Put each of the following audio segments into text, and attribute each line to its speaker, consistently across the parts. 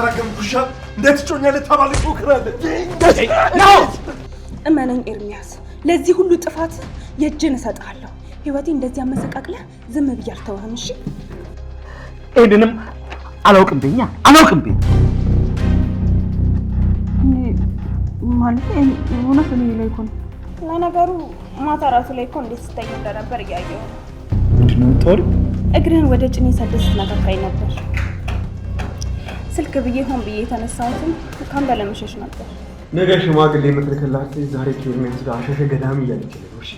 Speaker 1: የተራገምኩሻ እንዴት እጮኛለሁ
Speaker 2: እመነኝ ኤርሚያስ፣ ለዚህ ሁሉ ጥፋት የእጅን እሰጥሃለሁ። ህይወቴ እንደዚህ አመሰቃቅለህ ዝም ብዬ አልተውህም። እሺ
Speaker 3: አላውቅም ብኛ አላውቅም ብኝ
Speaker 4: ማለት እውነት እኔ ላይ እኮ ነው።
Speaker 2: ለነገሩ ማታ ራሱ ላይ እኮ እንዴት እንደነበር እያየሁ እግርህን ወደ ጭኔ ሰደህ ነበር። ስልክ ብዬ ሆን ብዬ የተነሳሁትም ካምባ ለመሸሽ ነበር።
Speaker 3: ነገ ሽማግሌ የምትልክላት ዛሬ ኪርሚያስ ጋር አሸሸ ገዳሚ እያለች ነሽ።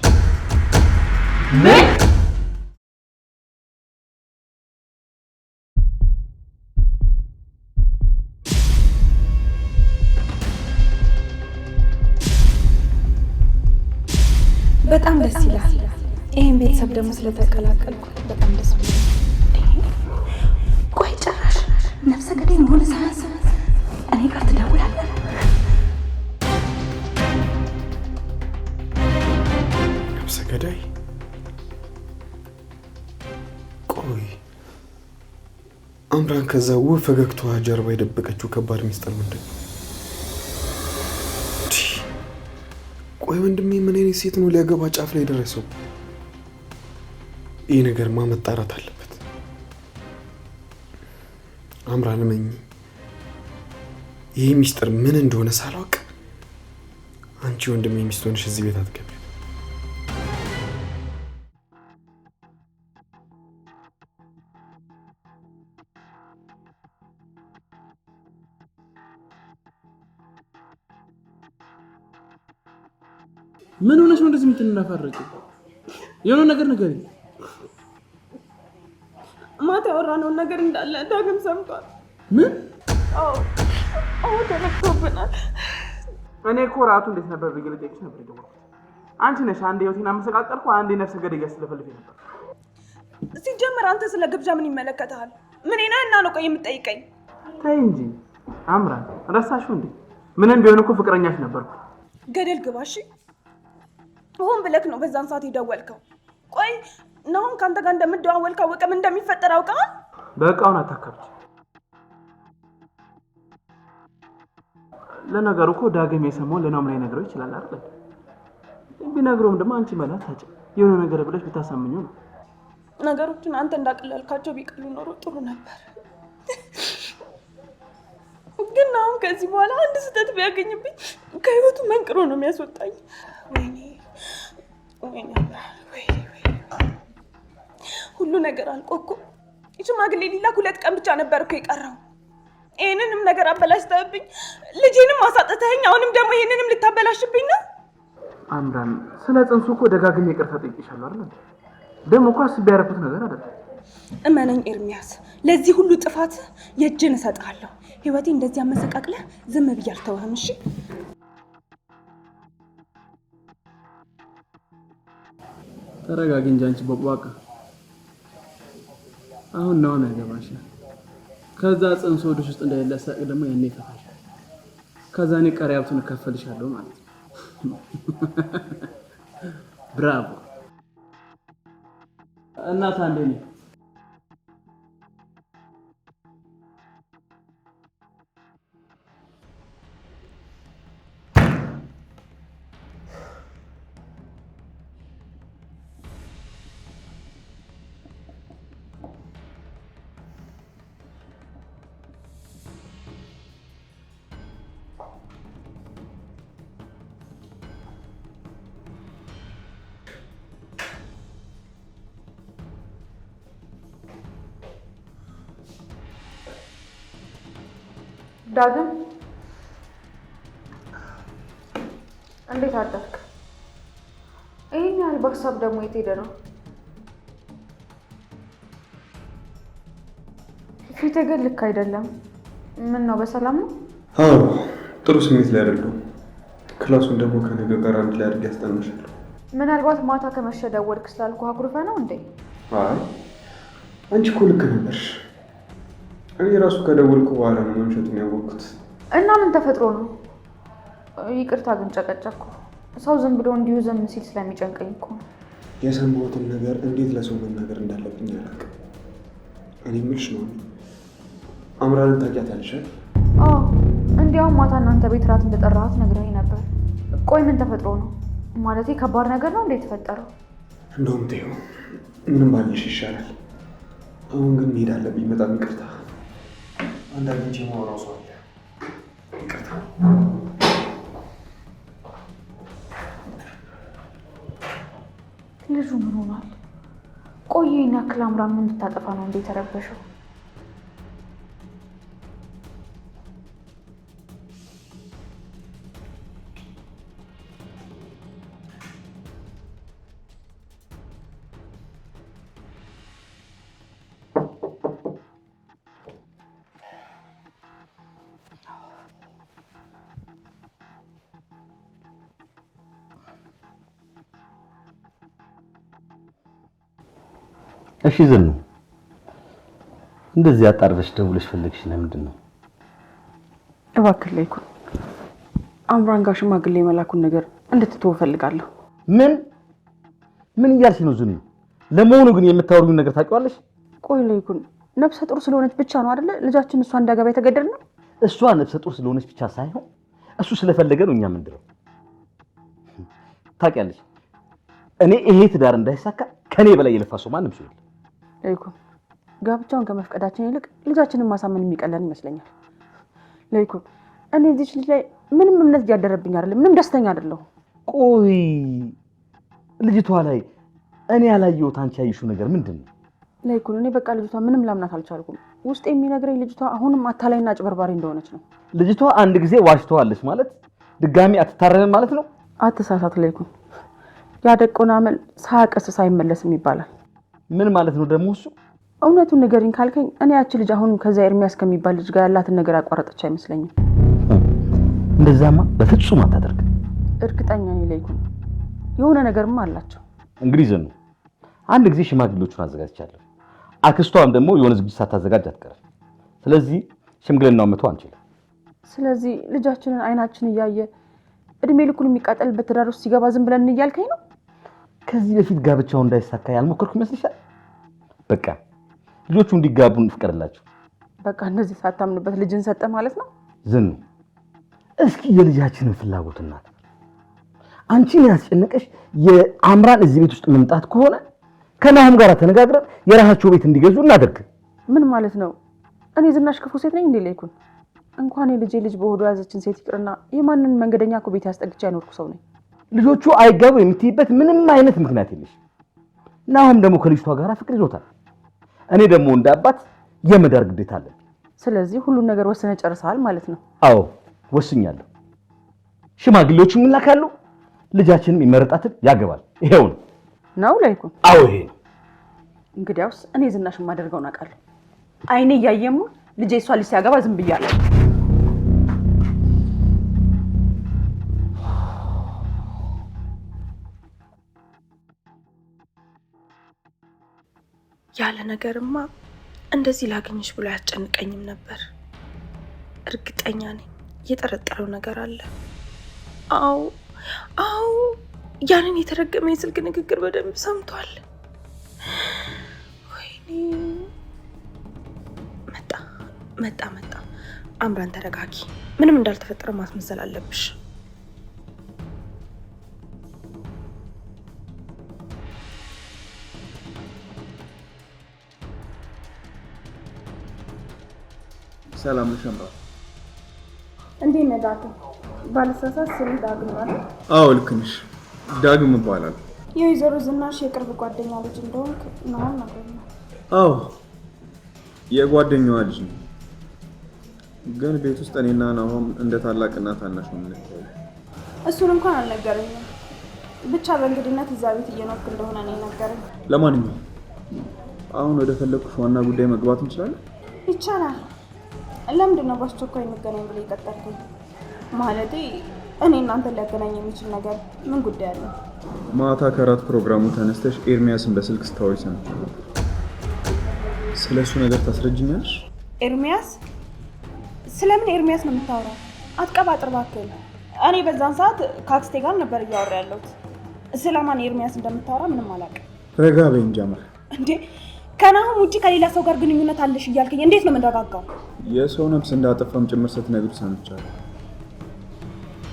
Speaker 2: በጣም ደስ ይላል። ይህን ቤተሰብ ደግሞ ስለተቀላቀልኩ በጣም
Speaker 3: ኪራን ከዛ ውብ ፈገግታዋ ጀርባ የደበቀችው ከባድ ሚስጥር ምንድን ነው? ቆይ ወንድሜ ምን አይነት ሴት ነው ሊያገባ ጫፍ ላይ ደረሰው ይህ ነገርማ መጣራት አለበት። አምራ ልመኝ ይህ ሚስጥር ምን እንደሆነ ሳላውቅ አንቺ ወንድሜ ሚስት ሆነሽ እዚህ ቤት አትገቢ። ምን ሆነሽ ነው እንደዚህ የምትነፋረቂው? የሆነ ነገር ነገር
Speaker 2: ማታ ያወራነውን ነገር እንዳለ ዳግም ሰምቷል። ምን? አዎ ተነክቶብናል።
Speaker 3: እኔ እኮ ራቱ እንዴት ነበር ብዬ ልጠይቅሽ ነበር የደወልኩት። አንቺ ነሽ አንዴ ህይወቴን አመሰቃቀልኩ፣ አንዴ ነፍሰ ገደያ ስለፈልፍ ነበር።
Speaker 2: ሲጀመር አንተ ስለ ግብዣ ምን ይመለከታል? ምን ና እና ነው ቆይ የምጠይቀኝ?
Speaker 3: ተይ እንጂ አምራን፣ ረሳሽው እንዴ? ምንም ቢሆን እኮ ፍቅረኛሽ ነበርኩ።
Speaker 2: ገደል ግባሽ። ሆን ብለክ ነው በዛን ሰዓት የደወልከው። ቆይ ናሁን ከአንተ ጋር እንደምደዋወል ካወቀ እንደሚፈጠር አውቀዋል።
Speaker 3: በእቃውን አታካብች። ለነገሩ እኮ ዳግም የሰማውን ለናሁም ላይ ነግረው ይችላል አይደል? ቢነግረውም ደግሞ አንቺ መላት ታጭ የሆነ ነገር ብለሽ ብታሳምኙ ነው።
Speaker 2: ነገሮችን አንተ እንዳቀለልካቸው ቢቀሉ ኖሮ ጥሩ ነበር። ግን አሁን ከዚህ በኋላ አንድ ስህተት ቢያገኝብኝ ከህይወቱ መንቅሮ ነው የሚያስወጣኝ። ወይኔ ሁሉ ነገር አልቆ እኮ ሽማግሌ ሊላክ ሁለት ቀን ብቻ ነበር እኮ የቀረው። ይህንንም ነገር አበላሽተህብኝ፣ ልጄንም አሳጥተኸኝ፣ አሁንም ደግሞ ይህንንም ልታበላሽብኝ ነው።
Speaker 3: አምራን፣ ስለ ጽንሱ እኮ ደጋግሜ ይቅርታ ጠይቄሻለሁ አይደል? ደግሞ እኮ አስቤ ያደረኩት ነገር አይደለም።
Speaker 2: እመነኝ ኤርሚያስ፣ ለዚህ ሁሉ ጥፋት የእጅን እሰጥሃለሁ። ህይወቴ እንደዚህ አመሰቃቅለህ ዝም ብዬ አልተውህም። እሺ
Speaker 3: ተረጋጊ እንጂ አንቺ ቦቅቧቃ። አሁን ነው ያገባሻል። ከዛ ጽንሶ ወደ ውስጥ እንደሌለ ሳቅ ደግሞ ያኔ ይፈታል። ከዛ እኔ ቀሪ ሀብቱን እከፈልሻለሁ ማለት ነው። ብራቮ እናት አንዴ ነው
Speaker 4: ዳግም እንዴት አደርክ? ይህን ያህል በሀሳብ ደግሞ የት ሄደ ነው? ፊት ግን ልክ አይደለም። ምን ነው በሰላም ነው?
Speaker 3: አዎ ጥሩ ስሜት ላይ አይደለሁም። ክላሱን ደግሞ ከነገ ጋር አንድ ላይ አድርጌ ያስጠናሻለሁ።
Speaker 4: ምናልባት ማታ ከመሸ ደወልክ ስላልኩ አኩርፈ ነው እንዴ?
Speaker 3: አይ አንቺ እኮ ልክ ነበርሽ። እኔ ራሱ ከደወልኩ በኋላ ነው መምሸቱን ያወቅኩት።
Speaker 4: እና ምን ተፈጥሮ ነው? ይቅርታ ግን ጨቀጨቅኩ። ሰው ዝም ብሎ እንዲሁ ዝም ሲል ስለሚጨንቀኝ እኮ
Speaker 3: የሰማሁትን ነገር እንዴት ለሰው መናገር እንዳለብኝ አላውቅም። እኔ የምልሽ ነው አምራንን ታውቂያታለሽ?
Speaker 4: እንዲያውም ማታ እናንተ ቤት ራት እንደጠራሃት ነግራኝ ነበር። ቆይ ምን ተፈጥሮ ነው? ማለቴ ከባድ ነገር ነው እንዴት የተፈጠረው?
Speaker 3: እንደውም ተይው፣ ምንም ባለሽ ይሻላል። አሁን ግን መሄድ አለብኝ። በጣም ይቅርታ አንድ አግኝቼ የማወራው ሰው አለ። ይቅርታ
Speaker 4: ልጁ ምን ሆኗል? ቆየ ያክል አምራ ምን ልታጠፋ ነው እንዴ የተረበሸው?
Speaker 3: እሺ ዝኑ፣ እንደዚህ አጣርበሽ ደውለሽ ፈልግሽ ለምንድን ነው?
Speaker 4: እባክህ ላይ አምራን ጋር ሽማግሌ የመላኩን ነገር እንድትተው እፈልጋለሁ።
Speaker 3: ምን ምን እያልሽ ነው ዝኑ? ለመሆኑ ግን የምታወሩኝ ነገር ታውቂዋለሽ?
Speaker 4: ቆይ ላይ ነፍሰ ጡር ስለሆነች ብቻ ነው አይደለ ልጃችን እሷ እንዳገባ የተገደድነው?
Speaker 3: እሷ ነፍሰ ጡር ስለሆነች ብቻ ሳይሆን እሱ ስለፈለገ ነው እኛ ምንድነው ታውቂያለሽ እኔ ይሄ ትዳር እንዳይሳካ ከኔ በላይ የለፋ ሰው ማንም ሰው
Speaker 4: ለይኩ ጋብቻውን ከመፍቀዳችን ይልቅ ልጃችንን ማሳመን የሚቀለን ይመስለኛል። ለይኩ እኔ እዚች ልጅ ላይ ምንም እምነት እያደረብኝ አይደለም። ምንም ደስተኛ አይደለሁም።
Speaker 3: ቆይ ልጅቷ ላይ እኔ ያላየሁት አንቺ ያየሽው ነገር ምንድን ነው?
Speaker 4: ለይኩን እኔ በቃ ልጅቷ ምንም ላምናት አልቻልኩም። ውስጥ የሚነግረኝ ልጅቷ አሁንም አታላይና አጭበርባሪ እንደሆነች ነው።
Speaker 3: ልጅቷ አንድ ጊዜ ዋሽተዋለች ማለት ድጋሚ አትታረምም ማለት ነው።
Speaker 4: አትሳሳት ለይኩን፣ ያደቀውን አመል ሳያቀስስ አይመለስም ይባላል።
Speaker 3: ምን ማለት ነው ደግሞ እሱ?
Speaker 4: እውነቱን ንገሪኝ ካልከኝ እኔ ያቺ ልጅ አሁንም ከዛ ኤርሚያስ ከሚባል ልጅ ጋር ያላትን ነገር ያቋረጠች አይመስለኝም።
Speaker 3: እንደዛማ በፍጹም አታደርግ።
Speaker 4: እርግጠኛ ነኝ ለይኩን የሆነ ነገርም አላቸው።
Speaker 3: እንግዲህ ዘኑ አንድ ጊዜ ሽማግሌዎቹን አዘጋጅቻለሁ። አክስቷም ደግሞ የሆነ ዝግጅት ሳታዘጋጅ አትቀርም። ስለዚህ ሽምግልናው መቶ አንችልም።
Speaker 4: ስለዚህ ልጃችንን አይናችን እያየ እድሜ ልኩን የሚቃጠልበት ትዳር ውስጥ ሲገባ ዝም ብለን እያልከኝ ነው?
Speaker 3: ከዚህ በፊት ጋብቻው እንዳይሳካ ያልሞከርኩ ይመስልሻል? በቃ ልጆቹ እንዲጋቡ እንፍቀድላቸው።
Speaker 4: በቃ እንደዚህ ሳታምንበት ልጅን ሰጠ ማለት ነው።
Speaker 3: ዝኑ፣ እስኪ የልጃችንን ፍላጎት እናት አንቺን ያስጨነቀሽ የአምራን እዚህ ቤት ውስጥ መምጣት ከሆነ ከናሁም ጋር ተነጋግረን የራሳቸው ቤት እንዲገዙ እናደርግ።
Speaker 4: ምን ማለት ነው? እኔ ዝናሽ ክፉ ሴት ነኝ እንዴ? ላይኩን እንኳን የልጄ ልጅ በሆዷ ያዘችን ሴት ይቅርና የማንን መንገደኛ እኮ ቤት ያስጠግቼ አይኖርኩ ሰው ነኝ።
Speaker 3: ልጆቹ አይጋቡ የምትይበት ምንም አይነት ምክንያት የለሽ። ናሁም ደግሞ ከልጅቷ ጋር ፍቅር ይዞታል። እኔ ደግሞ እንደ አባት የመዳር ግዴታ አለን።
Speaker 4: ስለዚህ ሁሉን ነገር ወስነ ጨርሰሃል ማለት ነው?
Speaker 3: አዎ ወስኛለሁ። ሽማግሌዎች ይላካሉ፣ ልጃችንም ይመረጣትን ያገባል። ይሄው ነው ነው አዎ ይሄ ነው።
Speaker 4: እንግዲያውስ እኔ ዝናሽ የማደርገውን አውቃለሁ። አይኔ እያየሙ ልጄ እሷ ልጅ ሲያገባ ዝም ብያለሁ።
Speaker 2: ያለ ነገርማ እንደዚህ ላገኝሽ ብሎ አያስጨንቀኝም ነበር። እርግጠኛ ነኝ የጠረጠረው ነገር አለ። አዎ አዎ፣ ያንን የተረገመ የስልክ ንግግር በደንብ ሰምቷል። ወይኔ መጣ መጣ መጣ። አምራን ተረጋጊ፣ ምንም እንዳልተፈጠረ ማስመሰል አለብሽ።
Speaker 3: ሰላም ነሽ አምራ?
Speaker 2: እንዴት ነህ ዳግም? ባለሳሳት ስም ዳግም ማለት?
Speaker 3: አዎ ልክ ነሽ። ዳግም ይባላል።
Speaker 2: የወይዘሮ ዝናሽ የቅርብ ጓደኛ ልጅ እንደሆንክ ነዋል ነገርኛ።
Speaker 3: አዎ የጓደኛዋ ልጅ ነው። ግን ቤት ውስጥ እኔና ናሆም እንደ ታላቅና ታናሽ ነው የምንታየው።
Speaker 2: እሱን እንኳን አልነገረኝም። ብቻ በእንግድነት እዛ ቤት እየኖርክ እንደሆነ ነው የነገረኝ።
Speaker 3: ለማንኛውም አሁን ወደ ፈለግኩሽ ዋና ጉዳይ መግባት እንችላለን?
Speaker 2: ይቻላል። ለምንድን ነው በአስቸኳይ እንገናኝ ብሎ የቀጠርኩኝ? ማለቴ እኔ እናንተን ሊያገናኝ የሚችል ነገር ምን ጉዳይ አለ?
Speaker 3: ማታ ከራት ፕሮግራሙ ተነስተሽ ኤርሚያስን በስልክ ስታወች ነው ስለ እሱ ነገር ታስረጅኛለሽ?
Speaker 2: ኤርሚያስ ስለምን ኤርሚያስ ነው የምታወራው? አትቀባጥር እባክህ። እኔ በዛን ሰዓት ከአክስቴ ጋር ነበር እያወራ ያለሁት። ስለማን ኤርሚያስ እንደምታወራ ምንም አላውቅም። ረጋ በይ እንዴ ከናሁም ውጪ ከሌላ ሰው ጋር ግንኙነት አለሽ እያልከኝ እንዴት ነው የምንረጋጋው?
Speaker 3: የሰው ነፍስ እንዳጠፋም ጭምር ስትነግሪው ሰምቻለሁ።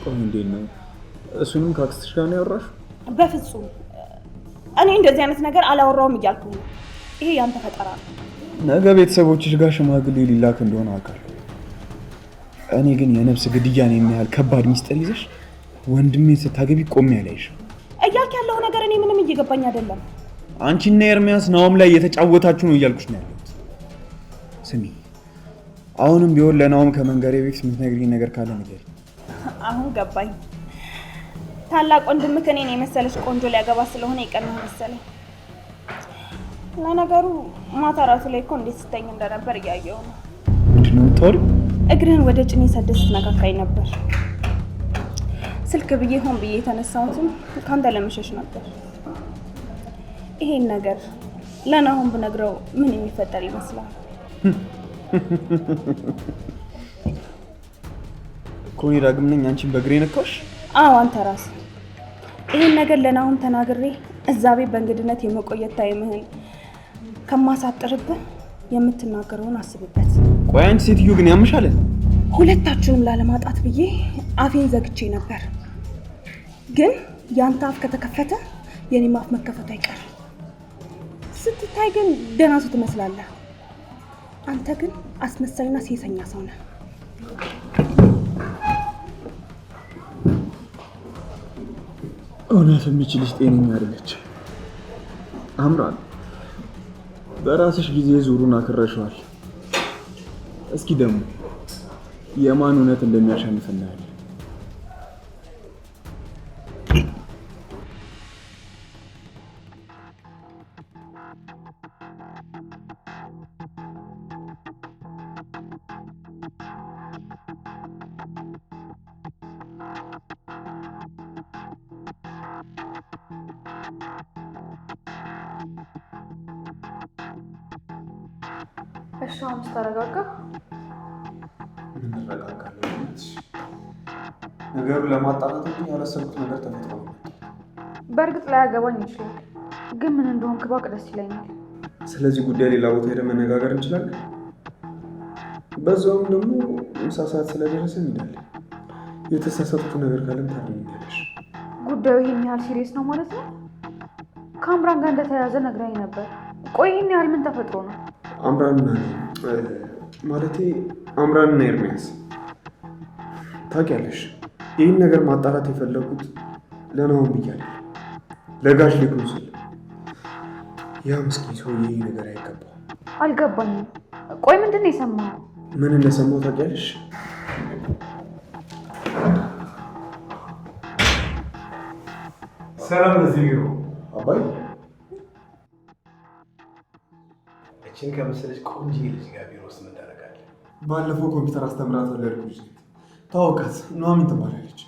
Speaker 3: ቆይ እንዴት ነው እሱንም ከአክስትሽ ጋር ነው
Speaker 2: በፍጹም እኔ እንደዚህ አይነት ነገር አላወራውም እያልኩ ነው። ይሄ ያንተ ፈጠራ ነው።
Speaker 3: ነገ ቤተሰቦችሽ ጋር ሽማግሌ ሊላክ እንደሆነ አውቃለሁ። እኔ ግን የነፍስ ግድያን የሚያህል ከባድ ሚስጥር ይዘሽ ወንድሜ ስታገቢ ቆሜ ያለሽ
Speaker 2: እያልክ ያለው ነገር እኔ ምንም እየገባኝ አይደለም።
Speaker 3: አንቺና ኤርሚያስ ናሆም ላይ እየተጫወታችሁ ነው እያልኩሽ ነው ያለሁት። ስሚ፣ አሁንም ቢሆን ለናሆም ከመንገሬ በፊት የምትነግሪኝ ነገር ካለ ንገሪኝ።
Speaker 2: አሁን ገባኝ። ታላቅ ወንድምህ እኔን የመሰለች ቆንጆ ሊያገባ ስለሆነ የቀናህ መሰለኝ። ለነገሩ ማታ ላይ እኮ እንዴት ስተኝ እንደነበር እያየው ነው።
Speaker 3: ምንድን ነው የምታወሪው?
Speaker 2: እግርህን ወደ ጭኔ ሰደህ ስትነካካኝ ነበር። ስልክ ብዬ ሆን ብዬ የተነሳሁትም ከአንተ ለመሸሽ ነበር። ይሄን ነገር ለናሁን ብነግረው ምን የሚፈጠር ይመስላል?
Speaker 3: ኮኒ ዳግም ነኝ። አንቺን በእግሬ ነካሽ?
Speaker 2: አዎ አንተ ራስ ይሄን ነገር ለናሁን ተናግሬ እዛ ቤት በእንግድነት የመቆየት ታይምህን ከማሳጥርብህ የምትናገረውን አስብበት።
Speaker 3: ቆይ አንቺ ሴትዮ ግን ያምሻል።
Speaker 2: ሁለታችሁንም ላለማጣት ብዬ አፌን ዘግቼ ነበር፣ ግን ያንተ አፍ ከተከፈተ የኔም አፍ መከፈቱ አይቀርም። ስትታይ ግን ደህና ሰው ትመስላለህ። አንተ ግን አስመሳይና ሴሰኛ ሰው ነህ።
Speaker 3: እውነት የምችልሽ ጤነኛ አይደለች። አምራል በራስሽ ጊዜ ዙሩን አክረሸዋል። እስኪ ደግሞ የማን እውነት እንደሚያሸንፍ እናያለን።
Speaker 2: እሺ፣ አሁን ስተረጋጋ
Speaker 3: ነገሩን ለማጣጣት ያላሰብኩት ነገር ተፈጥሮ
Speaker 2: በእርግጥ ላይ አገባኝ ይችላል፣ ግን ምን እንደሆን ክባቅ ደስ ይለኛል።
Speaker 3: ስለዚህ ጉዳይ ሌላ ቦታ ሄደን መነጋገር እንችላለን። በዛውም ደግሞ ምሳ ሰዓት ስለደረሰ እንሄዳለን። የተሳሳትኩት ነገር ካለም ታድኛለሽ።
Speaker 2: ጉዳዩ ይህን ያህል ሲሪየስ ነው ማለት ነው። ከአምራን ጋር እንደተያዘ ነግራኝ ነበር። ቆይ ይህን ያህል ምን ተፈጥሮ ነው?
Speaker 3: አምራን ማለቴ አምራንና ኤርሚያስ ታውቂያለሽ፣ ይህን ነገር ማጣራት የፈለጉት ለናሆም ብያለ ለጋሽ ሊሆን ስል ያ ምስኪን ሰው ይህ ነገር አይገባ።
Speaker 2: አልገባኝም። ቆይ ምንድን ነው የሰማኸው?
Speaker 3: ምን እንደሰማሁ ታውቂያለሽ? ሰላም ለዚህ ቢሮ አባይ
Speaker 5: እችን ከመሰለች ቆንጆ ልጅ ጋር ቢሮ ውስጥ ምን
Speaker 3: ባለፈው ኮምፒውተር አስተምራት ወለድኩ ልጅ ታወቃት። ኑሐሚን ትባላለች።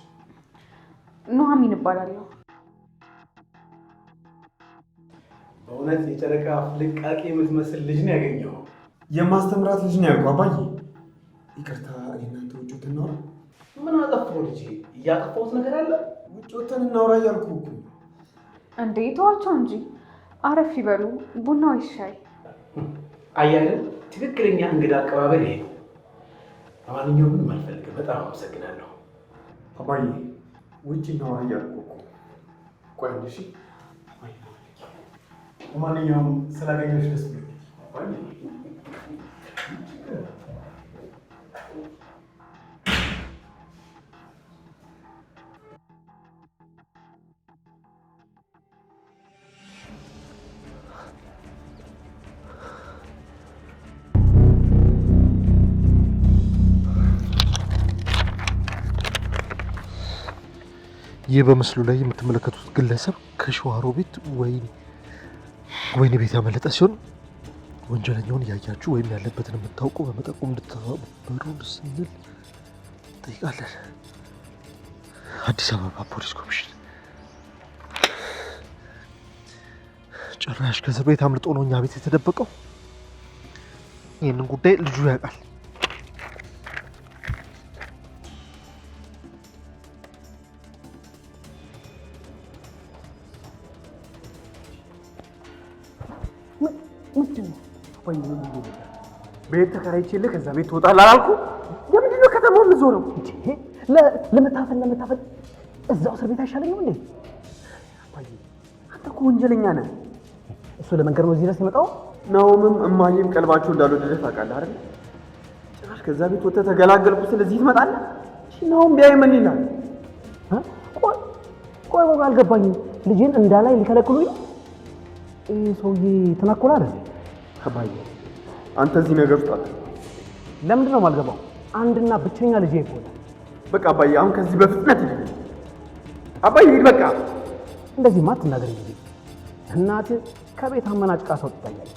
Speaker 2: ኑሐሚን እባላለሁ።
Speaker 5: በእውነት የጨረቃ ፍልቃቄ የምትመስል ልጅ ነው ያገኘው።
Speaker 3: የማስተምራት ልጅ ነው ያልኩ አባዬ። ይቅርታ እናንተ ውጭ ወተን እናውራ።
Speaker 5: ምን አጠፋው? ልጅ? እያጠፋውት ነገር አለ? ውጭ ወተን እናውራ እያልኩህ እኮ
Speaker 2: እንዴ ተዋቸው እንጂ አረፍ ይበሉ። ቡና ወይ ሻይ?
Speaker 5: አያለን ትክክለኛ እንግዳ አቀባበል ይሄ ነው። ለማንኛውም ምንም አልፈልግም። በጣም አመሰግናለሁ።
Speaker 3: አባዬ ውጭ ነው እያልኩ እኮ። ቆይ አንድ ሺ ለማንኛውም ስላገኘሁሽ ደስ ብሎኛል። ይህ በምስሉ ላይ የምትመለከቱት ግለሰብ ከሸዋሮ ቤት ወይን ቤት ያመለጠ ሲሆን ወንጀለኛውን እያያችሁ ወይም ያለበትን የምታውቁ በመጠቆም እንድትተባበሩ ስንል ጠይቃለን። አዲስ አበባ ፖሊስ ኮሚሽን ጭራሽ ከእስር ቤት አምልጦ ነው እኛ ቤት የተደበቀው። ይህንን ጉዳይ ልጁ ያውቃል።
Speaker 5: ምንድን ነው? ቤት ተከራይቼልህ ከዛ ቤት ትወጣለህ አላልኩህ? ነው ከተማውን የምትዞረው?
Speaker 3: ለመታፈል ለመታፈል እዛው እስር ቤት አይሻለኝም እንዴ?
Speaker 5: አንተ እኮ ወንጀለኛ ነህ።
Speaker 3: እሱ ለመንገር ነው እዚህ ድረስ የመጣው።
Speaker 5: እማዬም ቀልባቸው እንዳልወደደህ ታውቃለህ አይደል? ጭራሽ ከዛ ቤት ወጥተህ ተገላገልኩ ስል እዚህ ቢያይ ምን ይላል?
Speaker 3: ቆይ ቆይ፣ አልገባኝም። እንዳላይ ሊከለክሉኝ ነው ይህ ሰውዬ ተናኮላል።
Speaker 5: አባዬ አንተ እዚህ ነገር ውስጥ
Speaker 3: ለምንድን ነው የማልገባው? አንድና ብቸኛ ልጅ ይሆነ።
Speaker 5: በቃ አባዬ አሁን ከዚህ በፍጥነት ይሄድ። አባዬ ይሄድ። በቃ
Speaker 3: እንደዚህ ማት እናገር እናት ከቤት አመናጭቃ ሰው ትታያለች።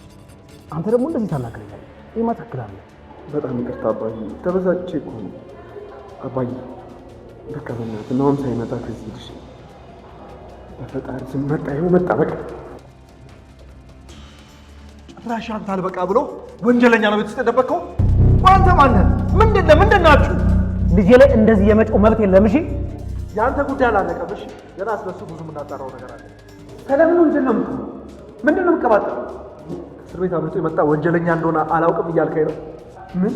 Speaker 3: አንተ ደግሞ እንደዚህ ታናገረኛለህ። ይህማ ትክክል በጣም ይቅርታ አባዬ፣ ተበሳጭቼ እኮ ነው አባዬ። በቃ በእናትህ ናሆም ሳይመጣ ከዚህ ሄድሽ። በፈጣሪ ስም መጣ ይኸው መጣ። በቃ
Speaker 5: ጭራሽ አንተ አልበቃ ብሎ ወንጀለኛ ነው ቤት ውስጥ የደበቅከው። አንተ ማነህ? ምንድን ነህ? ምንድን ናችሁ?
Speaker 3: ልጄ ላይ እንደዚህ የመጮህ መብት የለም። እሺ፣
Speaker 5: የአንተ ጉዳይ አላለቀም። እሺ፣ ገና ስለሱ ብዙ የምናጠራው ነገር አለ። ሰለምን ወንጀል ነው ምንድን ነው የምትቀባጠረው? እስር ቤት አምልጦ የመጣ ወንጀለኛ እንደሆነ አላውቅም እያልከኝ ነው?
Speaker 3: ምን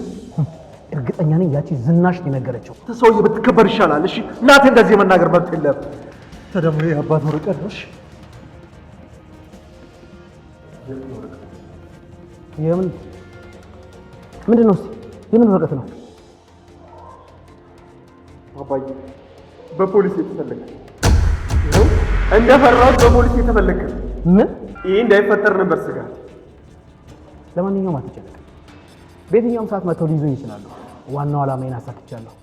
Speaker 3: እርግጠኛ ነኝ ያቺ ዝናሽ የነገረችው።
Speaker 5: ሰውዬ ብትከበር ይሻላል። እሺ እናቴ እንደዚህ የመናገር መብት የለም።
Speaker 3: ተደሞ የአባት ወረቀት ነው። እሺ የምን ምንድን ነው? የምን ወረቀት ነው?
Speaker 5: አባዬ በፖሊስ የተፈለገ እንደፈራሁት በፖሊስ የተፈለገ ምን? ይሄ እንዳይፈጠር ነበር ስጋት።
Speaker 3: ለማንኛውም አትጨነቅ። በየትኛውም ሰዓት መተው ሊይዙኝ ይችላሉ። ዋናው ዓላማዬን አሳክቻለሁ።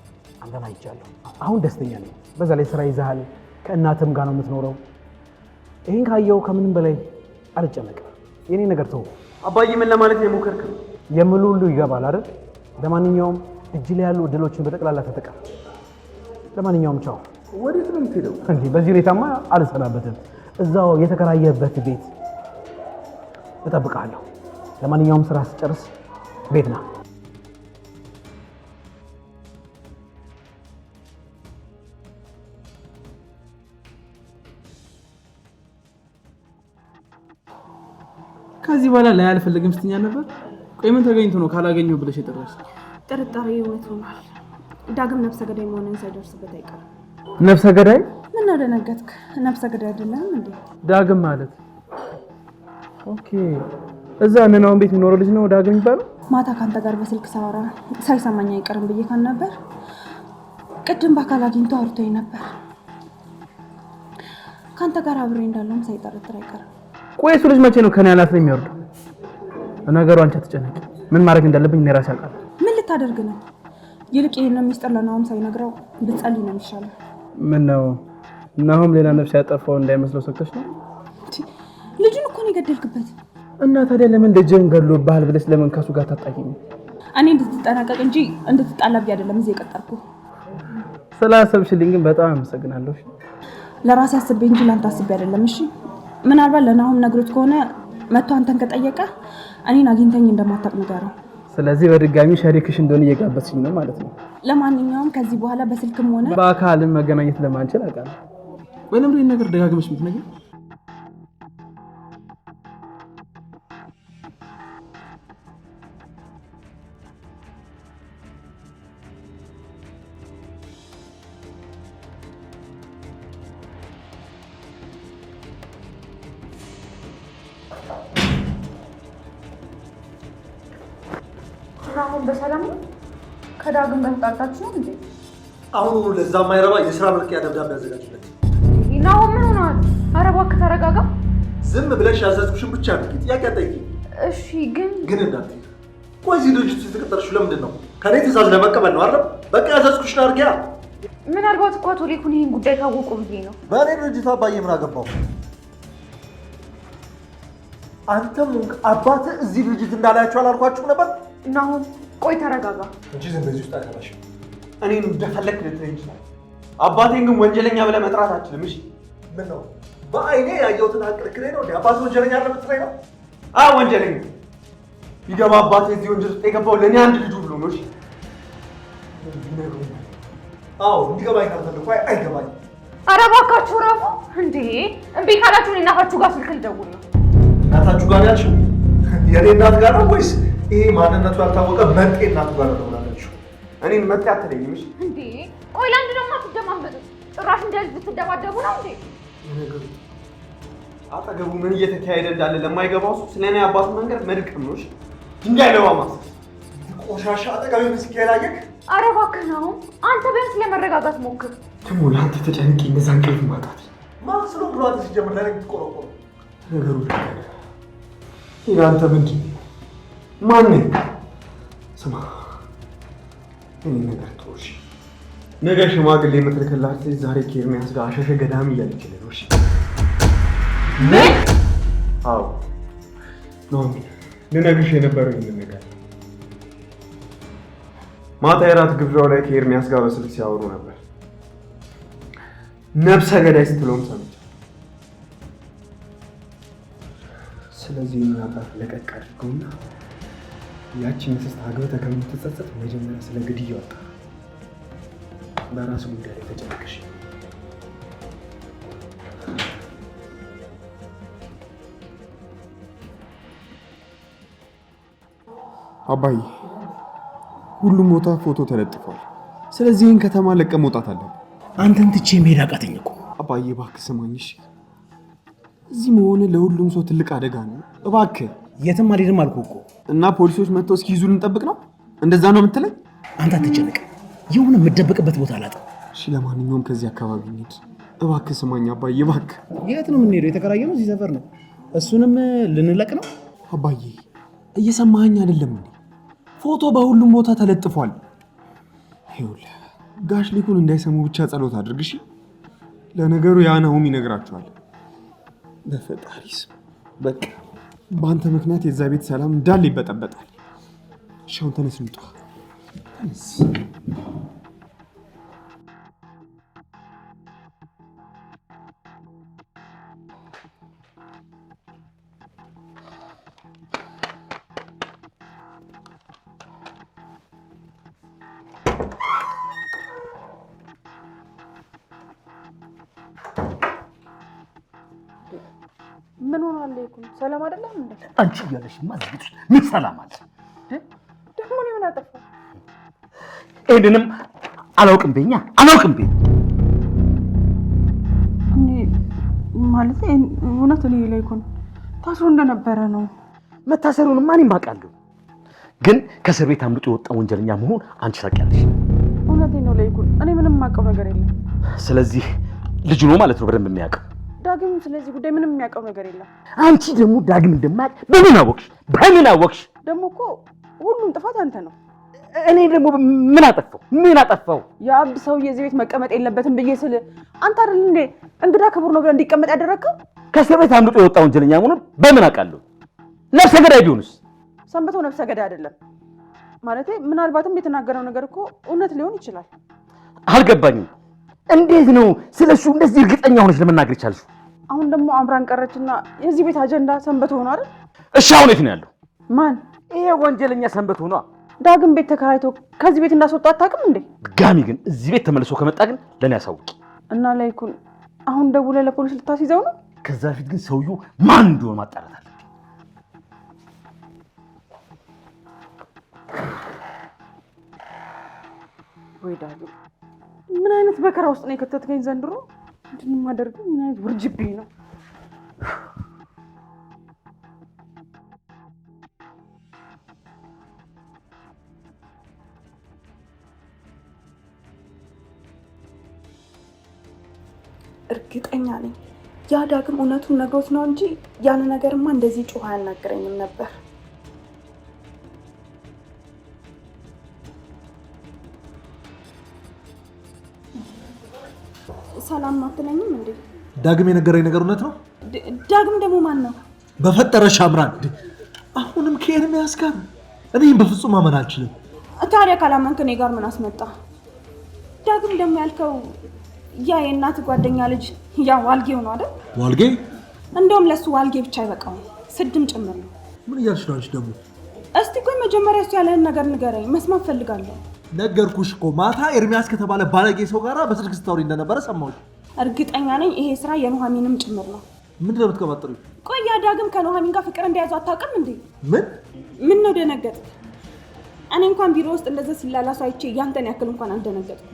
Speaker 3: አንተን አይቻለሁ። አሁን ደስተኛ ነኝ። በዛ ላይ ስራ ይዘሃል። ከእናትም ጋር ነው የምትኖረው። ይህን ካየው ከምንም በላይ አልጨነቅም። የኔ ነገር ተው።
Speaker 5: አባዬ ምን ለማለት ነው የሞከርከው?
Speaker 3: የምሉ ሁሉ ይገባል አይደል? ለማንኛውም እጅ ላይ ያሉ እድሎችን በጠቅላላ ተጠቀም። ለማንኛውም ቻው።
Speaker 5: ወዴት ነው የምትሄደው?
Speaker 3: እንዲህ በዚህ ሁኔታማ አልሰናበትም። እዛው የተከራየበት ቤት እጠብቃለሁ። ለማንኛውም ስራ ስጨርስ ቤት ና። ከዚህ በኋላ ላይ አልፈልግም ስትኛ ነበር። ቆይ ምን ተገኝቶ ነው ካላገኘው ብለሽ የጠራሽ?
Speaker 2: ጥርጣሬ እውነት ሆኗል። ዳግም ነፍሰ ገዳይ መሆንን ሳይደርስበት አይቀርም። ነፍሰ ገዳይ? ምን አደነገጥክ? ነፍሰ ገዳይ አይደለም እንዴ?
Speaker 3: ዳግም ማለት ኦኬ። እዛ እነናውን ቤት የሚኖረው ልጅ ነው ዳግም የሚባለው።
Speaker 2: ማታ ካንተ ጋር በስልክ ሳወራ ሳይሰማኝ አይቀርም ብዬ ካል ነበር። ቅድም በአካል አግኝቶ አውርቶኝ ነበር። ካንተ ጋር አብሬ እንዳለውም ሳይጠረጥር አይቀርም።
Speaker 3: ቆይ እሱ ልጅ መቼ ነው ከኔ አናት ነው ነገሩ አንቺ አትጨነቂ። ምን ማድረግ እንዳለብኝ እኔ ራሴ አውቃለሁ።
Speaker 2: ምን ልታደርግ ነው? ይልቅ ይህን ሚስጥር ለናሆም ሳይነግረው ብትጸልይ ነው የሚሻለው።
Speaker 3: ምን ነው ናሆም ሌላ ነፍስ ያጠፋው እንዳይመስለው ሰክተሽ ነው?
Speaker 2: ልጁን እኮ ነው የገደልክበት።
Speaker 3: እና ታዲያ ለምን ደጀን ገሎብሃል ብለሽ ለምን ከሱ ጋር ታጣቂኝ?
Speaker 2: እኔ እንድትጠናቀቅ እንጂ እንድትጣላብ አይደለም እዚህ የቀጠርኩ።
Speaker 3: ስላሰብሽልኝ ግን በጣም አመሰግናለሁ።
Speaker 2: ለራሴ አስቤ እንጂ ላንተ አስቤ አይደለም። እሺ ምናልባት ለናሆም ነግሮት ከሆነ መጥቶ አንተን ከጠየቀ እኔን አግኝተኝ እንደማታቅ ንገረው።
Speaker 3: ስለዚህ በድጋሚ ሸሪክሽ እንደሆነ እየጋበዝሽኝ ነው ማለት ነው።
Speaker 2: ለማንኛውም ከዚህ በኋላ በስልክም ሆነ
Speaker 3: በአካልም መገናኘት ለማንችል አውቃለሁ። ወይንም ነገር ደጋግመሽ ምትነግሪኝ
Speaker 2: አሁን በሰላም ነው? ከዳግም ጋር ተጣጣችሁ ነው እንዴ?
Speaker 5: አሁን ለዛ ማይረባ የስራ መልቀቂያ ደብዳቤ ያዘጋጅለት።
Speaker 2: ይናው ምን ሆኗል? ኧረ እባክህ ተረጋጋ።
Speaker 5: ዝም ብለሽ ያዘዝኩሽን ብቻ ነው ጥያቄ አጠይቂ።
Speaker 2: እሺ ግን
Speaker 5: ግን እንዳት ቆይ፣ እዚህ ድርጅት የተቀጠርሽው ለምንድን ነው? ከኔ ትእዛዝ ለመቀበል ነው አይደል? በቃ ያዘዝኩሽን አድርጊያ።
Speaker 2: ምናልባት እኮ አቶ ሌኩን ይህን ጉዳይ ካወቁ ብዬ ነው።
Speaker 3: በእኔ ድርጅት አባዬ ምን አገባው? አንተም አባትህ እዚህ ድርጅት እንዳላያችሁ አላልኳችሁም ነበር?
Speaker 2: እና አሁን ቆይ ተረጋጋ
Speaker 3: እንጂ ዝም በዚህ ውስጥ አይሰራሽ። እኔን እንደፈለክ ልትለኝ ይችላል። አባቴን ግን ወንጀለኛ ብለህ መጥራት አችልም። እሺ
Speaker 5: ምን ነው በአይኔ ያየሁትን አቅርክሬ ነው አባት ወንጀለኛ አለ ነው?
Speaker 3: አ ወንጀለኛ ይገባ አባቴ እዚህ ወንጀል ውስጥ የገባው ለእኔ አንድ ልጁ ብሎ ነው። እሺ አዎ እንዲገባኝ ካልፈለኩ አይገባኝ።
Speaker 2: ኧረ እባካችሁ ረፉ እንዴ! እምቢ ካላችሁ እናታችሁ ጋር ስልክ ልደውል ነው።
Speaker 3: እናታችሁ ጋር ያልሽው የእኔ እናት ጋር ነው ወይስ ይሄ ማንነቱ ያልታወቀ መጤ እናቱ ጋር ነው ያለችው። እኔን መጤ አትለኝምሽ
Speaker 2: እንዴ? ቆይ ለአንድ ደግሞ አትደማመጡት። ጭራሽ እንደ ልጅ ነው እንዴ?
Speaker 3: አጠገቡ ምን እየተካሄደ እንዳለ ለማይገባው ሰው ስለ እኔ አባቱ መንገድ መድቅም ነሽ እንዳይለዋ ማሰብ
Speaker 5: ቆሻሻ አጠገብ ምስኪያላየክ
Speaker 2: ኧረ እባክህ ነው አንተ ቢያንስ ለመረጋጋት ሞክር።
Speaker 3: ደግሞ ለአንተ ተጨንቂ እነዛን ቅልፍ ማጣት
Speaker 5: ማስሎ ብሏት ሲጀምር ለነግ ትቆረቆረ
Speaker 3: ነገሩ ለአንተ ምንድን ማንን? ስማ እኔ ነገር ትሮሽ ነገ ሽማግሌ የምትልክላት ዛሬ ከኤርሚያስ ጋር አሸሸ ገዳም እያለች ነው። እሺ ምን? አዎ ኖሚ ልነግርሽ የነበረው ይህንን ነገር ማታ የራት ግብዣው ላይ ከኤርሚያስ ጋር በስልክ ሲያወሩ ነበር። ነብሰ ገዳይ ስትለውም ሰምቻ። ስለዚህ እናታ ለቀቅ አድርገውና ያቺ እንስት አግብተህ ከምትጸጸት መጀመሪያ ስለ ግድያ ወጣ በራሱ ጉዳይ ላይ ተጨነቅሽ። አባዬ ሁሉም ቦታ ፎቶ ተለጥፏል። ስለዚህ ይህን ከተማ ለቀ መውጣት አለ። አንተን ትቼ መሄድ አቃተኝ እኮ አባዬ። እባክህ ስማኝሽ፣ እዚህ መሆን ለሁሉም ሰው ትልቅ አደጋ ነው። እባክህ የትም አልሄድም አልኩህ እኮ። እና ፖሊሶች መጥተው እስኪይዙ ልንጠብቅ ነው? እንደዛ ነው የምትለኝ? አንተ አትጨነቅ፣ የሆነ የምደበቅበት ቦታ አላጣም። እሺ፣ ለማንኛውም ከዚህ አካባቢ እንሂድ እባክህ። ስማኝ አባዬ፣ እባክህ። የት ነው የምንሄደው? የተከራየነው እዚህ ሰፈር ነው። እሱንም ልንለቅ ነው? አባዬ፣ እየሰማኸኝ አይደለም? ፎቶ በሁሉም ቦታ ተለጥፏል። ይኸውልህ ጋሽ ሊኩን እንዳይሰሙ ብቻ ጸሎት አድርግ እሺ። ለነገሩ ያ ናሆም ይነግራቸዋል። በፈጣሪ ስም በቃ በአንተ ምክንያት የዛ ቤት ሰላም እንዳለ ይበጠበጣል። ሻውን ተነስ፣ ልውጣ። ተነስ ተነስ
Speaker 2: ምን ሆነ አለ ይኩን ሰላም አይደለም እንዴ?
Speaker 3: አንቺ እያለሽ ማዝግት ውስጥ ምን ሰላም አለ
Speaker 2: ደግሞ ነው ያጠፋ።
Speaker 3: ኤደንም አላውቅም በኛ አላውቅም በኛ
Speaker 4: እኔ ማለት እውነት እኔ ላይ ይኩን ታስሮ እንደነበረ ነው።
Speaker 3: መታሰሩንማ እኔም አውቃለሁ፣ ግን ከእስር ቤት አምልጦ የወጣ ወንጀለኛ መሆን አንቺ ታውቂያለሽ።
Speaker 4: እውነቴን ነው ላይ ይኩን እኔ ምንም የማውቀው ነገር የለም።
Speaker 3: ስለዚህ ልጁ ነው ማለት ነው በደንብ የሚያውቀው
Speaker 2: ዳግም ስለዚህ ጉዳይ ምንም የሚያውቀው ነገር የለም።
Speaker 3: አንቺ ደግሞ ዳግም እንደማያውቅ በምን አወቅሽ? በምን አወቅሽ?
Speaker 2: ደግሞ እኮ ሁሉም ጥፋት አንተ ነው።
Speaker 3: እኔ ደግሞ ምን አጠፋው? ምን አጠፋው?
Speaker 2: የአብ ሰው የዚህ ቤት መቀመጥ የለበትም ብዬ ስል አንተ አይደል እንዴ እንግዳ ክቡር ነው ብለህ እንዲቀመጥ ያደረግከው?
Speaker 3: ከእስር ቤት አምልጦ የወጣ ወንጀለኛ መሆኑን በምን አውቃለሁ? ነፍሰ ገዳይ ቢሆንስ?
Speaker 2: ሰንበተው ነፍሰ ገዳይ አይደለም ማለት ምናልባትም የተናገረው ነገር እኮ እውነት ሊሆን ይችላል።
Speaker 3: አልገባኝም። እንዴት ነው ስለ እሱ እንደዚህ እርግጠኛ ሆነች ለመናገር ይቻልሽ?
Speaker 2: አሁን ደግሞ አምራን ቀረችና የዚህ ቤት አጀንዳ ሰንበት ሆኖ አይደል?
Speaker 3: እሺ አሁን የት ነው ያለው? ማን? ይሄ ወንጀለኛ ሰንበት ሆኗ።
Speaker 2: ዳግም ቤት ተከራይቶ ከዚህ ቤት እንዳስወጣ አታውቅም እንዴ?
Speaker 3: ጋሚ ግን እዚህ ቤት ተመልሶ ከመጣ ግን ለእኔ ያሳውቂ
Speaker 2: እና ላይኩን አሁን ደውለህ ለፖሊስ ልታስይዘው ነው?
Speaker 3: ከዛ በፊት ግን ሰውየው ማን እንደሆነ ማጣራት አለብኝ።
Speaker 2: ወይ ዳግም ምን አይነት መከራ ውስጥ ነው የከተትከኝ ዘንድሮ። ማደርገው ምን አይነት ውርጅብኝ ነው? እርግጠኛ ነኝ ያ ዳግም እውነቱን ነግሮት ነው እንጂ ያን ነገርማ እንደዚህ ጮኸ አያናግረኝም ነበር። ሰላም አትለኝም እንዴ?
Speaker 3: ዳግም የነገረኝ ነገር እውነት ነው።
Speaker 2: ዳግም ደግሞ ማን ነው?
Speaker 3: በፈጠረ ሻምራ አሁንም ከኤርሜ ያስጋር እኔም በፍጹም ማመን አልችልም።
Speaker 2: ታዲያ ካላመንክ እኔ ጋር ምን አስመጣ? ዳግም ደግሞ ያልከው ያ የእናት ጓደኛ ልጅ ያ ዋልጌው ነው አይደል? ዋልጌ? እንደውም ለሱ ዋልጌ ብቻ አይበቃውም፣ ስድም ጭምር ነው።
Speaker 3: ምን እያልሽ ነው አንቺ ደግሞ?
Speaker 2: እስቲ ቆይ መጀመሪያ እሱ ያለህን ነገር ንገረኝ፣ መስማት ፈልጋለሁ።
Speaker 3: ነገርኩሽ እኮ ማታ ኤርሚያስ ከተባለ ባለጌ ሰው ጋር በስልክ ስታወሪ እንደነበረ ሰማሁሽ።
Speaker 2: እርግጠኛ ነኝ ይሄ ስራ የኑሐሚንም ጭምር ነው።
Speaker 3: ምንድን ነው የምትቀባጥሪው?
Speaker 2: ቆይ ዳግም ከኑሐሚን ጋር ፍቅር እንደያዙ አታውቅም እንዴ? ምን ምን ነው ደነገጥክ? እኔ እንኳን ቢሮ ውስጥ እንደዛ ሲላላሱ አይቼ ያንተን ያክል እንኳን አልደነገጥኩ።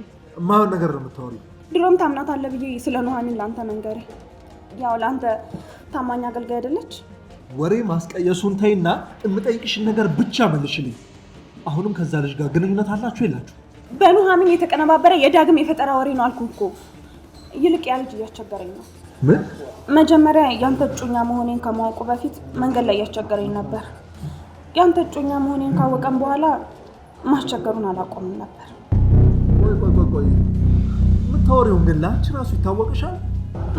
Speaker 3: ማን ነገር ነው የምታወሪው?
Speaker 2: ድሮም ታምናት አለ ብዬ ስለ ኑሐሚን ለአንተ መንገሬ፣ ያው ለአንተ ታማኝ አገልጋይ አይደለች።
Speaker 3: ወሬ ማስቀየሱን ተይና፣ የምጠይቅሽን ነገር ብቻ መልሽልኝ። አሁንም ከዛ ልጅ ጋር ግንኙነት አላችሁ የላችሁ?
Speaker 2: በኑሐሚን የተቀነባበረ የዳግም የፈጠራ ወሬ ነው አልኩህ እኮ። ይልቅ ያ ልጅ እያስቸገረኝ ነው። ምን? መጀመሪያ ያንተ እጩኛ መሆኔን ከማወቁ በፊት መንገድ ላይ እያስቸገረኝ ነበር። ያንተ መሆኔን ካወቀን በኋላ ማስቸገሩን አላቆምም ነበር።
Speaker 3: ቆይ ቆይ ቆይ ቆይ፣ የምታወሪውን ግን ለአንቺ ራሱ ይታወቅሻል።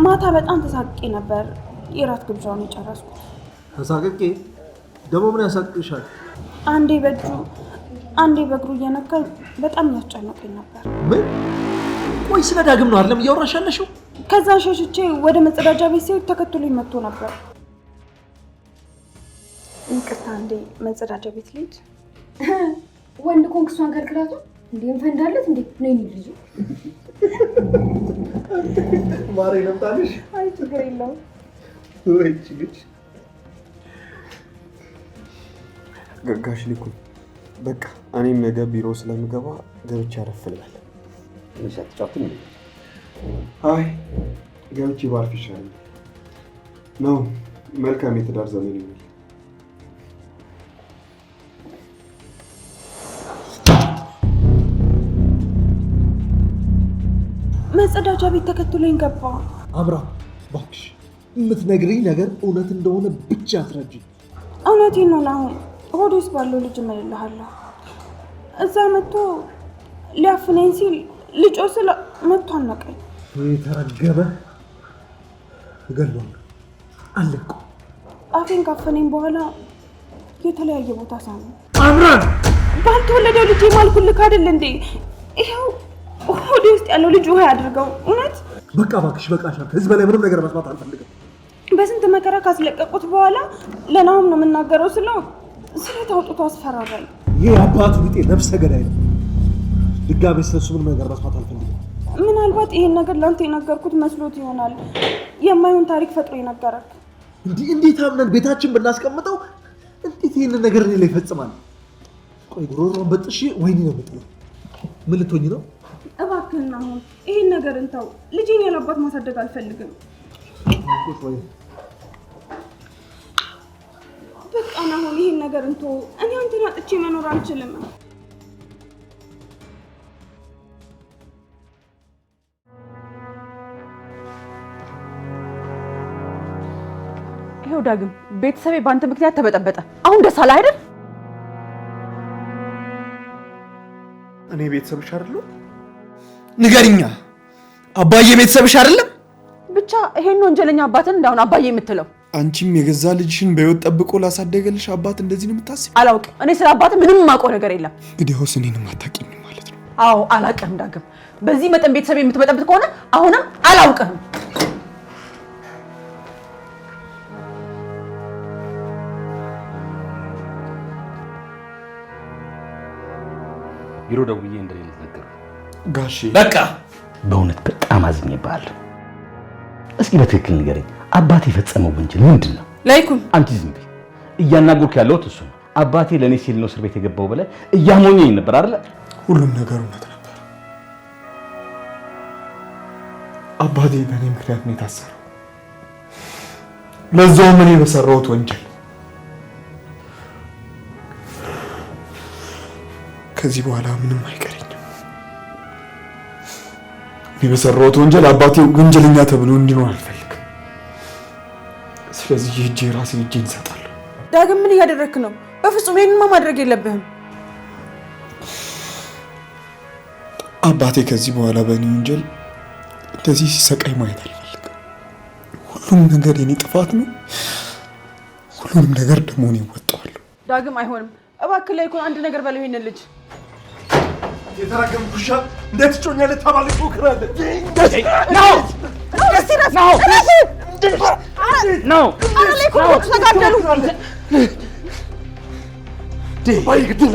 Speaker 2: ማታ በጣም ተሳቅቄ ነበር። የራት ግብዣውን የጨረስኩት
Speaker 3: ተሳቅቄ። ደግሞ ምን ያሳቅቅሻል?
Speaker 2: አንዴ በእጁ አንዴ በእግሩ እየነካኝ በጣም ያስጨነቀኝ ነበር።
Speaker 3: ምን? ቆይ ስለ ዳግም ነው አይደለም እያወራሽ ያለሽው?
Speaker 2: ከዛ ሸሽቼ ወደ መጸዳጃ ቤት ሲሄድ ተከትሎ መጥቶ ነበር። ይቅርታ፣ እንዴ መጸዳጃ ቤት ልሂድ። ወንድ ኮንክሷን ከልክላቱ እንዴ ፈንዳለት እንዴ ነይኒ ይኒ ልጁ
Speaker 3: ማሪ ለምታልሽ።
Speaker 2: አይ ችግር የለውም
Speaker 3: ወይ ችግች ጋጋሽ ልኩ በቃ እኔም ነገ ቢሮ ስለምገባ ገብቼ አረፍ ልበል። አይ ገብቼ ባርፍ ይሻል ነው። መልካም የትዳር ዘመን ይሆናል።
Speaker 2: መጸዳጃ ቤት ተከትሎኝ ገባ።
Speaker 3: አብራ እባክሽ የምትነግሪኝ ነገር እውነት እንደሆነ ብቻ አስረጅኝ።
Speaker 2: እውነቴን ነው አሁን ሆድ ውስጥ ባለው ልጅ እመልልሃለሁ። እዛ መጥቶ ሊያፍነኝ ሲል ልጮ ስለ መጥቶ አነቀኝ።
Speaker 3: የተረገበ እገለዋለሁ አለቁ።
Speaker 2: አፌን ካፈነኝ በኋላ የተለያየ ቦታ ሳሙ። አምራን ባልተወለደው ልጅ የማልኩልክ አይደል እንዴ? ይኸው ሆድ ውስጥ ያለው ልጅ ውሃ ያድርገው። እውነት
Speaker 3: በቃ እባክሽ በቃ ሻ ህዝብ ላይ ምንም ነገር መስማት አልፈልግም።
Speaker 2: በስንት መከራ ካስለቀቁት በኋላ ለናሁም ነው የምናገረው ስለው ስለት አውጥቶ አስፈራራኝ።
Speaker 3: ይህ የአባቱ ብጤ ነፍሰ ገዳይ ነው። ድጋሜ ስለሱ ምን ነገር መስማት አልፈልግም።
Speaker 2: ምናልባት ይሄን ነገር ለአንተ የነገርኩት መስሎት ይሆናል። የማይሆን ታሪክ ፈጥሮ የነገረክ።
Speaker 3: እንዲህ እንዴት አምነን ቤታችን ብናስቀምጠው እንዴት ይህንን ነገር እኔ ላይ ይፈጽማል? ቆይ ጉሮሮን በጥሽ ወይኔ ነው የምጥለው። ምን ልትሆኝ ነው?
Speaker 2: እባክህን አሁን ይህን ነገር እንተው። ልጄን ያላባት ማሳደግ አልፈልግም። በቃ አሁን ይሄን ነገር እንቶ እኔ አንተን አጥቼ መኖር አልችልም። ይኸው ዳግም ቤተሰቤ በአንተ ምክንያት ተበጠበጠ። አሁን ደስ አለ አይደል?
Speaker 3: እኔ ቤተሰብሽ አይደለሁ? ንገርኛ፣ አባዬ ቤተሰብሽ አይደለም?
Speaker 2: ብቻ ይሄን ወንጀለኛ አባትን እንዳሁን አባዬ የምትለው
Speaker 3: አንቺም የገዛ ልጅሽን በህይወት ጠብቆ ላሳደገልሽ አባት እንደዚህ ነው የምታስብ?
Speaker 2: አላውቅም። እኔ ስለ አባት ምንም የማውቀው ነገር የለም።
Speaker 3: እንግዲህ አሁን እኔንም አታውቂኝም ማለት ነው?
Speaker 2: አዎ፣ አላውቅህም። ዳግም በዚህ መጠን ቤተሰብ የምትመጠብት ከሆነ አሁንም አላውቅህም።
Speaker 3: ቢሮ ደውዬ እንደሌለ ነገር ጋሼ፣ በቃ በእውነት በጣም አዝኜብሃል። እስኪ በትክክል ንገረኝ አባቴ የፈጸመው ወንጀል ምንድን ነው? ላይኩን አንቺ ዝም በይ። እያናገርኩ ያለሁት እሱ አባቴ ለእኔ ሲል ነው እስር ቤት የገባው ብለህ እያሞኘኝ ነበር አይደለ? ሁሉም ነገር እውነት ነበር። አባቴ በእኔ ምክንያት ነው የታሰረው፣ ለዛውም እኔ በሰራሁት ወንጀል። ከዚህ በኋላ ምንም አይቀረኝም። እኔ በሰራሁት ወንጀል አባቴ ወንጀለኛ ተብሎ እንዲኖር አልፈ ስለዚህ እጄ ራሴ እጄን እንሰጣለሁ።
Speaker 2: ዳግም ምን እያደረግክ ነው? በፍጹም ይሄንማ ማድረግ የለብህም።
Speaker 3: አባቴ ከዚህ በኋላ በእኔ ወንጀል እንደዚህ ሲሰቃይ ማየት አልፈልግም። ሁሉም ነገር የኔ ጥፋት ነው። ሁሉንም ነገር ደግሞ እኔ እወጣዋለሁ።
Speaker 2: ዳግም አይሆንም፣ እባክህ ላይ አንድ ነገር በለው። ይሄንን ልጅ
Speaker 1: የተራገም ኩሻ እንዴት ጮኛለ ተባልኩ ክራለ
Speaker 2: ነው
Speaker 3: ተጋደሉ